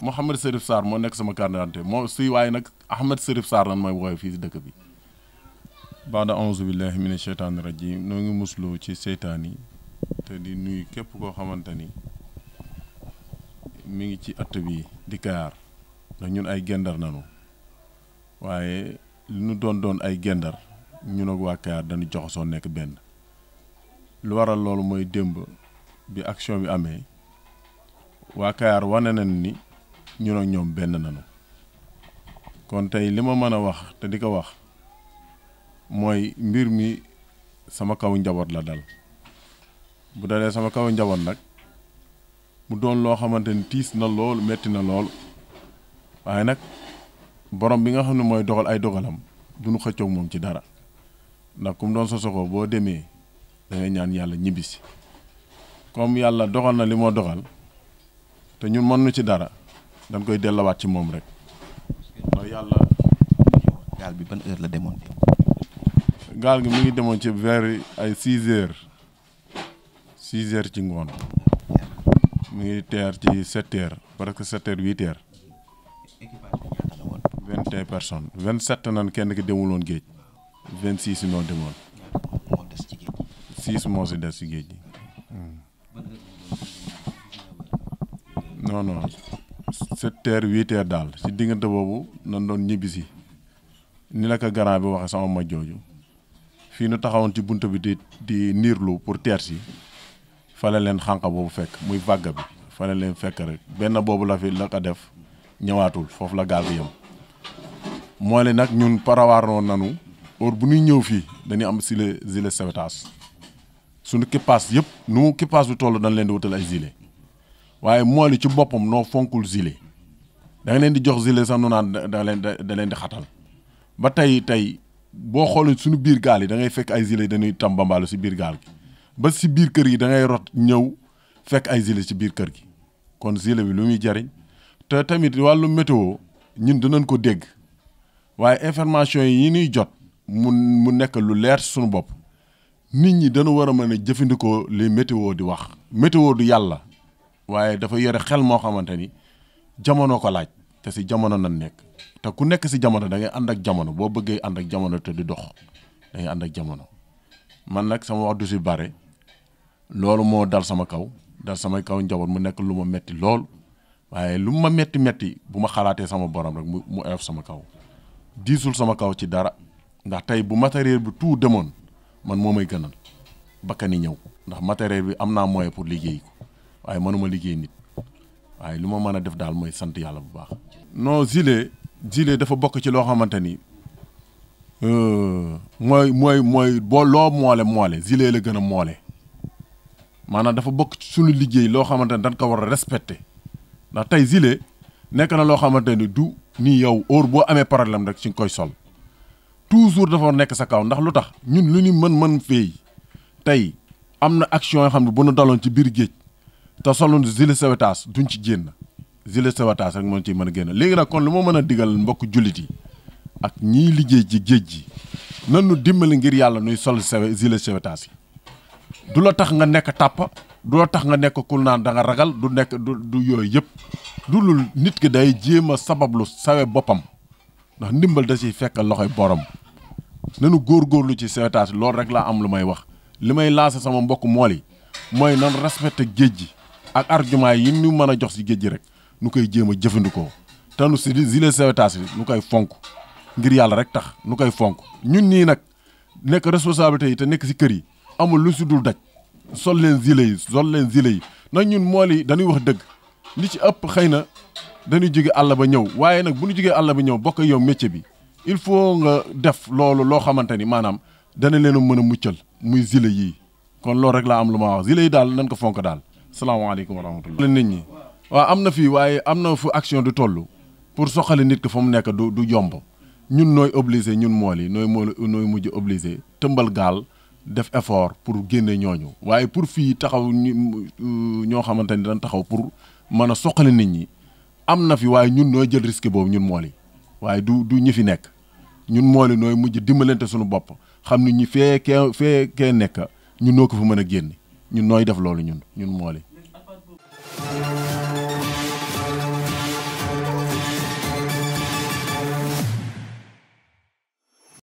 moo Mouhamed Serif saar moo nekk sama carte d'identité moo suy waaye nag Ahmed Serif saar lan mooy woowee fii si dëkk bi baada auzu billahi mina sheytaani rajim noo ngi musuloo ci seytaan yi te di nuyu képp koo xamante ni mi ngi ci att bi di Kayaar ndax ñun ay gendar nanu waaye li ñu doon doon ay gendar ñun ak waa Kayaar dañu joxasoo nekk benn lu waral loolu mooy démb bi action bi amee waa Kayaar wane na ni ñun ak ñoom benn na kon tey li ma mën a wax te di ko wax mooy mbir mi sama kaw njaboot la dal bu dalee sama kaw njaboot nag mu doon loo xamante ni tiis na lool metti na lool waaye nag borom bi nga xam ne mooy dogal ay dogalam du nu xëccoog moom ci dara ndax ku mu doon sosokoo boo demee da ñaan yàlla ñibbisi kom yàlla doxal na li moo dogal te ñun mën nu ci dara dañ koy delluwaat ci moom rek. mooy yàlla. gaal bi ban heure la demoon. gaal gi mu ngi demoon ci vers ay six heures six heures ci ngoon mu ngi teer ci sept heures presque sept heures huit heures. vingt et personnes vingt sept nan kenn ki demuloon géej vingt six noo demoon. six moo si des ci géej gi. non non. sept ter huit heures daal ci diggante boobu nan doon ñibbisi ni la ko garant bi waxee sama ma jooju fii nu taxawoon ci bunt bi di di niirlu pour teer si fale leen xànq boobu fekk muy vàgga bi fale leen fekk rek benn boobu la fi la ko def ñëwaatul foofu la gaal gi yem moo le nag ñun parawaaroo nanu heure bu ñuy ñëw fii dañuy am sile gilet sauvetage suñu kippaas yëpp nu kippaas bi toll dañ leen di wutal ay gilet waaye mool yi ci boppam noo fonkul gilet da leen di jox gilet sax nu naan da leen da leen di xatal ba tey tey boo xoolee suñu biir gaal yi da ngay fekk ay gilet dañuy tambambaalu si biir gaal gi ba si biir kër gi da ngay rot ñëw fekk ay gilet si biir kër gi kon gilet bi lu muy jariñ te tamit wàllu météo ñun dinañ ko dégg waaye information yi ñuy jot mu mu nekk lu leer suñu bopp nit ñi dañu war a mën a jëfandikoo li météo di wax météo du yàlla waaye dafa yore xel moo xamante ni jamono ko laaj te si jamono nan nekk te ku nekk si jamono da ngay ànd ak jamono boo bëggee ànd ak jamono te di dox da ànd ak jamono man nag sama wax du si bare loolu moo dal sama kaw dal sama kaw njaboot mu nekk lu ma metti lool waaye lu ma metti metti bu ma xalaatee sama borom rek mu mu oyof sama kaw diisul sama kaw ci dara ndax tey bu matériel bi tuu demoon man moo may gënal bakkan yi ñëw ndax matériel bi am naa moyen pour liggéey ko waaye mënuma liggéey nit waaye lu ma mën a def daal mooy sant yàlla bu baax. non gilet gilet dafa bokk ci loo xamante ni euh, mooy mooy mooy boo loo moole moole gilet la gën a moole maanaam dafa bokk ci suñu liggéey loo xamante ni dañ ko war a respecté ndax tey gilet nekk na loo xamante ni du nii yow heure boo amee problème rek ci koy sol toujours dafa nekk sa kaw ndax lu tax ñun lu ñu mën mën feey tey am na action yoo xam ne bu nu daloon ci biir géej. te solul sile sauvetage duñ ci génn gilet sauvetage rek moo ciy mën a génn léegi nag kon lu ma mën a digal mbokk jullit yi ak ñii liggéey ci géej gi nan nu dimbali ngir yàlla nuy sol sawe gilet sauvetage yi du la tax nga nekk tàppa du la tax nga nekk kul naan da ragal du nekk du du yooyu yëpp du lul nit ki day jéem a sabablu sawe boppam ndax ndimbal da si fekk loxoy borom nanu góorgóorlu ci sauvetage loolu rek laa am lu may wax li may lancé sama mbokk mool mooy nan respecté géej gi ak argument yi ñu mën a jox si géej gi rek nu koy jéem a jëfandikoo te nu si gilet sauvetage bi nu koy fonk ngir yàlla rek tax nu koy fonk ñun nii nag nekk responsabilité yi te nekk si kër yi amul lu si dul daj sol leen gilet yi sol leen gilet yi nag ñun mool yi dañuy wax dëgg li ci ëpp xëy na dañuy jóge àll ba ñëw waaye nag bu ñu jógee àll ba ñëw bokk yow métier bi il faut nga def loolu loo xamante ni maanaam dana leen mën a muccal muy gilet yii kon loolu rek laa am lu ma wax yi daal nañ ko fonk daal salaamaaleykum wa rahmatulah. nit ñi waaw am na fi waaye am na fu action di toll pour soxali nit ko fa mu nekk du du yomb ñun nooy obligé ñun mool nooy mool nooy mujj obligé tëmbal gaal def effort pour génne ñooñu waaye pour fii taxaw euh, ñoo xamante ni dañ taxaw pour mën a soxali nit ñi am na fi waaye ñun nooy jël risque boobu ñun mool waaye du du ñi fi nekk ñun mool nooy mujj dimbalante suñu bopp xam ni ñi fee kee fee kee nekk ñu noo ko fu mën a génne. ñun nooy def loolu ñun ñun moole